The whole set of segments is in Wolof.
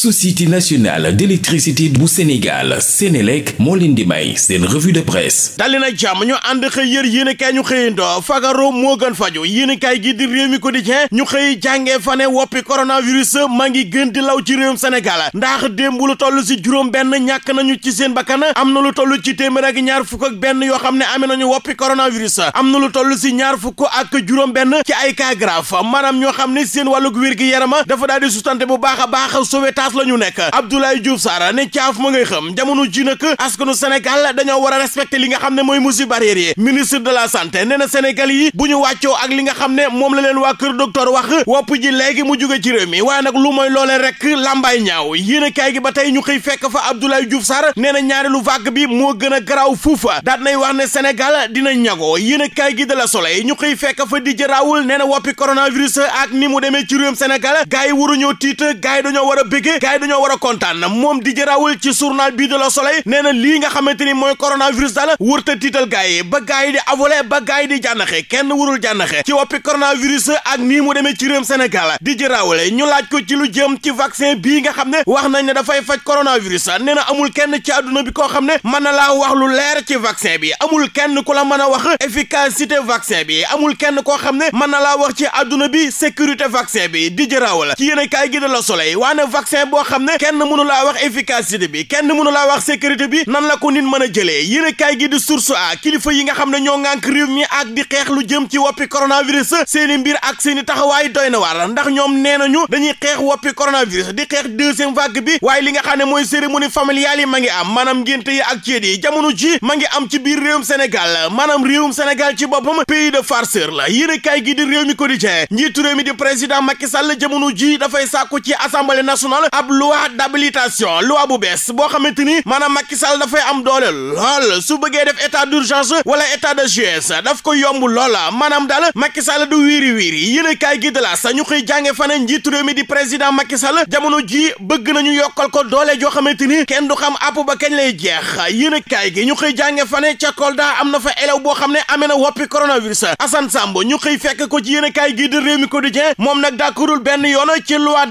société nationale d'électricité bu Sénégal Sénélec moo leen di may seen revue de presse dali jàmm ñu ànd xëy yër yéenekaay ñu xëyandoo fagaro moo gën faju yéenekaay gi di Rewmi Quotidien ñu xëy jàngee fane woppi coronavirus maa ngi gën di law ci réewum Sénégal ndax démb lu toll si juróom benn ñàkk nañu ci seen bakkan am na lu toll ci téeméer ak ñaar fukk ak benn yoo xam ne amee nañu woppi coronavirus am na lu toll si ñaar fukk ak juróom benn ci ay cas maanaam ñoo xam ne seen wàllug wér gi yarama a caaf la ñu nekk Abdoulaye Diouf Sarr ne caaf ma ngay xam jamono ji nag askanu Sénégal dañoo war a respecté li nga xam ne mooy mesures barrières yi ministre de la santé nee na Sénégal yi bu ñu wàccoo ak li nga xam ne moom la leen waa kër docteur wax wopp ji léegi mu jóge ci réew mi waaye nag lu mooy loolee rek làmbaay ñaaw yéen a gi ba tey ñu xëy fekk fa Abdoulaye Diouf Sarr nee na lu vague bi moo gën a garaaw fuufa daat nay wax ne Sénégal dina ñagoo yéen a kaay gi de la Soleil ñu xëy fekk fa di jëraawul nee na woppi coronavirus ak ni mu demee ci réewum Sénégal gars yi waruñoo tiit gars yi dañoo war a béggee gars yi dañoo war a kontaan na moom di jëraawul ci journal bii de la soleil nee na lii nga xamante ni mooy coronavirus daal wërta tiital gars yi ba gars yi di avole ba gars yi di jànnaxe kenn wurul jànnaxe ci woppi coronavirus ak nii mu demee ci réewum Sénégal di jëraawule ñu laaj ko ci lu jëm ci vaccin bii nga xam ne wax nañ ne dafay faj coronavirus nee na amul kenn ci àdduna bi koo xam ne mën na laa wax lu leer ci vaccin bi amul kenn ku la mën a wax efficacité vaccin bi amul kenn koo xam ne mën na laa wax ci àdduna bi sécurité vaccin bi di jëraawul ci yéen gi la soleil waane vaccin boo xam ne kenn mënu laa wax efficacité bi kenn mënu laa wax sécurité bi nan la ko nit mën a jëlee yéen a kaay gi di source a kilifa yi nga xam ne ñoo ŋànk réew mi ak di xeex lu jëm ci woppi coronavirus seeni mbir ak seeni taxawaay doy na waar ndax ñoom nee nañu dañuy xeex woppi coronavirus di xeex deuxième vague bi waaye li nga xam ne mooy cérémonie familiale yi ma ngi am maanaam ngénte yi ak ceet yi jamono ji ma ngi am ci biir réewum Sénégal maanaam réewum Sénégal ci boppam pays de farceur la yéen a gi di réew mi quotidien njiitu réew mi di président Macky Sall jamono ji dafay sàkku ci assemblée nationale ab loi d'habilitation loi bu bees boo xamante ni maanaam Macky Sall dafay am doole lool su bëggee def état d'urgence wala état de siège daf ko yomb loola maanaam daal Macky Sall du wiiri wiiri yéen kaay gi de la sa ñu koy jànge fane njiitu réew di président Macky Sall jamono ji bëgg nañu yokkal ko doole joo xamante ni kenn du xam àpp ba kañ lay jeex yéen kaay gi ñu koy jànge fane ca daa am na fa élève boo xam ne amee na woppi coronavirus Assane Samb ñu xëy fekk ko ci yéen kaay gi di réew mi quotidien moom nag benn yoon ci loi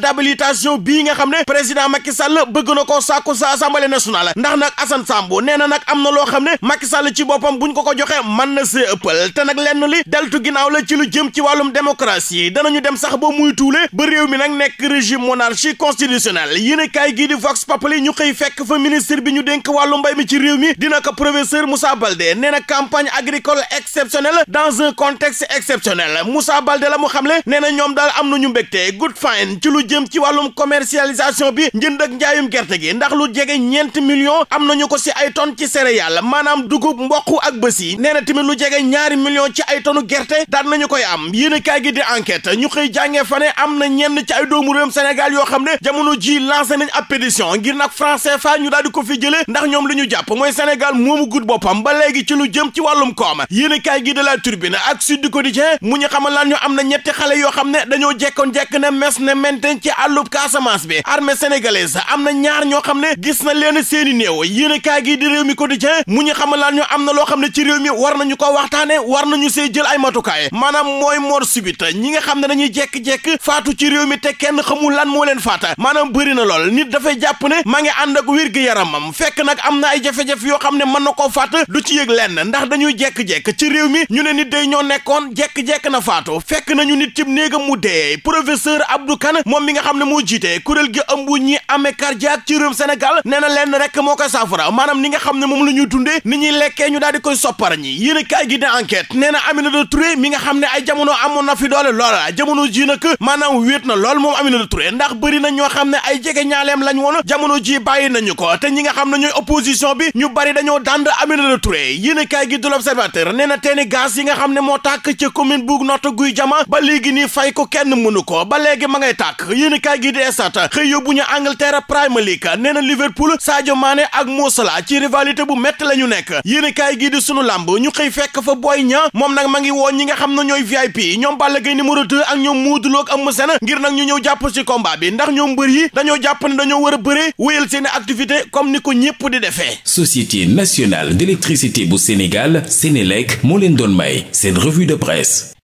ne président Macky bëgg na ko sàkku sa assemblée nationale ndax nag Assane Sambo nag am na loo xam ne Macky Sall ci boppam bu ñu ko ko joxe man na see ëppal te nag lenn li deltu ginnaaw la ci lu jëm ci wàllum démocratie danañu dem sax ba muy tuule ba réew mi nag nekk régime monarchie constitutionnelle yi ne kaay gii di Vox Populi ñu xëy fekk fa ministre bi ñu dénk wàllu mbay mi ci réew mi dina ko professeur Moussa Baldé nee na campagne agricole exceptionnelle dans un contexte exceptionnel Moussa Baldé la mu xamle nee na ñoom daal am nañu mbégte good fine ci lu jëm ci wàllum commercialisation opération bi njënd ak njaayum gerte gi ndax lu jege ñeenti millions am na ñu ko si ay tonnes ci céréales maanaam dugub mboq ak bës yi nee na tamit lu jege ñaari millions ci ay tonnes gerte daan nañu koy am yéen kaay gi di enquête ñu xëy jàngee fa am na ñenn ci ay doomu réewum Sénégal yoo xam ne jamono ji lancé nañ ab pétition ngir nag franc CFA ñu daal di ko fi jëlee ndax ñoom li ñu jàpp mooy Sénégal moomu gudd boppam ba léegi ci lu jëm ci wàllum koom yéen kaay gi de la Tribune ak Sud Quotidien mu ñu xamal lan ñu am na ñetti xale yoo xam ne dañoo jekkoon jekk ne mes ne menten ci àllub Casamance bi l'armée sénégalaise am na ñaar ñoo xam ne gis na leen seeni néew yéen a kaay gii di réew mi quotidien mu ñu xamalaan ñu am na loo xam ne ci réew mi war nañu ko waxtaane war nañu see jël ay matukaay maanaam mooy moo subite ñi nga xam ne dañuy jekk-jekk faatu ci réew mi te kenn xamul lan moo leen faata maanaam bëri na lool nit dafay jàpp ne maa ngi ànd ak wér gi yaramam fekk nag am na ay jafe-jafe yoo xam ne mën na koo faat du ci yëg lenn ndax dañuy jekk-jekk ci réew mi ñu ne nit day ñoo nekkoon jekk-jekk na faatu fekk nañu nit ci néegam mu dee professeur Abdou Kane moom mi nga xam ne moo jiite kuréel gi ji ëmb ñi amee cardiaque ci réew Sénégal nee na lenn rek moo koy saafara maanaam ni nga xam ne moom la ñuy dundee ni ñuy lekkee ñu daal di koy soppar ñi yéen a kaay gi di enquête nee na Aminata Touré mi nga xam ne ay jamono amoon na fi doole loola jamono jii nag maanaam wéet na lool moom Aminata Touré ndax bëri na ñoo xam ne ay jege ñaaleem lañ woon jamono ji na ñu ko te ñi nga xam ne ñooy opposition bi ñu bari dañoo dànd Aminata Touré yéen a kaay gi du nee na teeni gaz yi nga xam ne moo tàkk ci commune bu Notto Gouye Diama ba léegi nii fay ko kenn mënu ko ba léegi ma ngay tàkk yéen a kaay gi yóbbu ñu Angleterre Premier League nee na Liverpool Sadio maane ak Mo Salah ci rivalité bu métti la ñu nekk yéen kaay gii di sunu làmb ñu xëy fekk fa Boy Niang moom nag ma ngi woo ñi nga xam ne ñooy VIP ñoom Balla Gaye numéro 2 ak ñoom Modou Lo ak Eumeu Sène ngir nag ñu ñëw jàpp ci combat bi ndax ñoom mbër dañoo jàpp ne dañoo war a bëre wéyal seeni activité comme ni ko ñëpp di defee. Société nationale d'électricité bu Sénégal Sénélec moo leen doon may seen revue de presse.